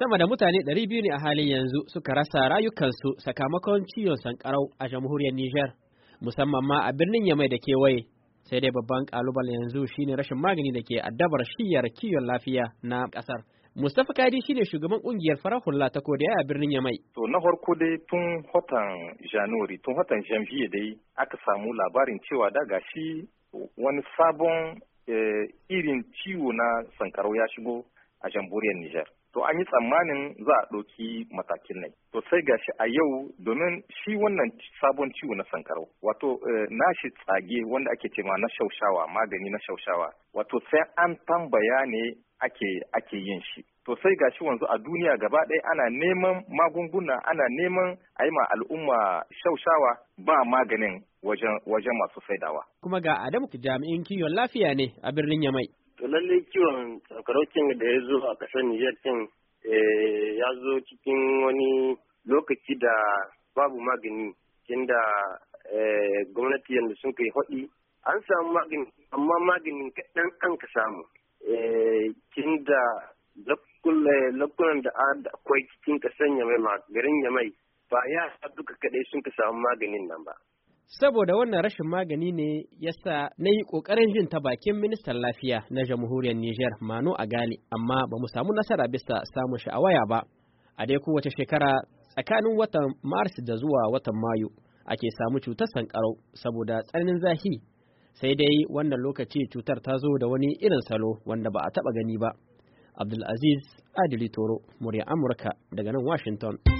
Sama da mutane biyu ne a halin yanzu suka rasa rayukansu sakamakon ciwon sankarau a jamhuriyar Nijar, musamman ma a birnin Yamai da kewaye. Sai dai babban ƙalubale yanzu shine rashin magani da ke addabar shiyar kiwon lafiya na kasar. Mustapha Kadi shine shugaban kungiyar farar hula ta Kodiya a birnin Yamai. To na farko dai tun watan January tun watan Janvier dai aka samu labarin cewa da gashi wani sabon eh, irin ciwo na sankarau ya shigo a jamhuriyar Nijar. to an yi tsammanin za a ɗauki matakin nan to sai gashi a yau domin shi wannan sabon ciwo na sankarau wato eh, nashi tsage wanda ake ce ma na shaushawa magani na shaushawa wato sai an tambaya ne ake ake yin shi to sai gashi wanzu a duniya gaba ɗaya ana neman magunguna ana neman a yi ma al'umma shaushawa ba maganin wajen wajen masu saidawa kuma ga Adamu jami'in kiwon lafiya ne a birnin Yamai To lalle kiwon tsakarokin da ya zo a ƙasar Nijar ɗin eh, ya zo cikin wani lokaci da babu magani inda eh, gwamnati yadda sun kai hodi an samu magani amma maganin kaɗan an ka samu eh, inda lakunan da akwai cikin ka Yamai ma garin Yamai ba ya duka kaɗai sun ka samu maganin nan ba. Saboda wannan rashin magani ne ya sa na yi ƙoƙarin jin ta bakin ministan lafiya na jamhuriyar Nijar Manu Agali, amma ba mu samu nasara bisa samun sha'awaya ba. A dai kowace shekara tsakanin watan Maris da zuwa watan Mayu ake samu cutar sankarau saboda tsananin zahi. Sai dai wannan lokaci cutar ta zo da wani irin salo wanda ba a taɓa gani ba. Abdulaziz Adili Toro, murya Amurka daga nan Washington.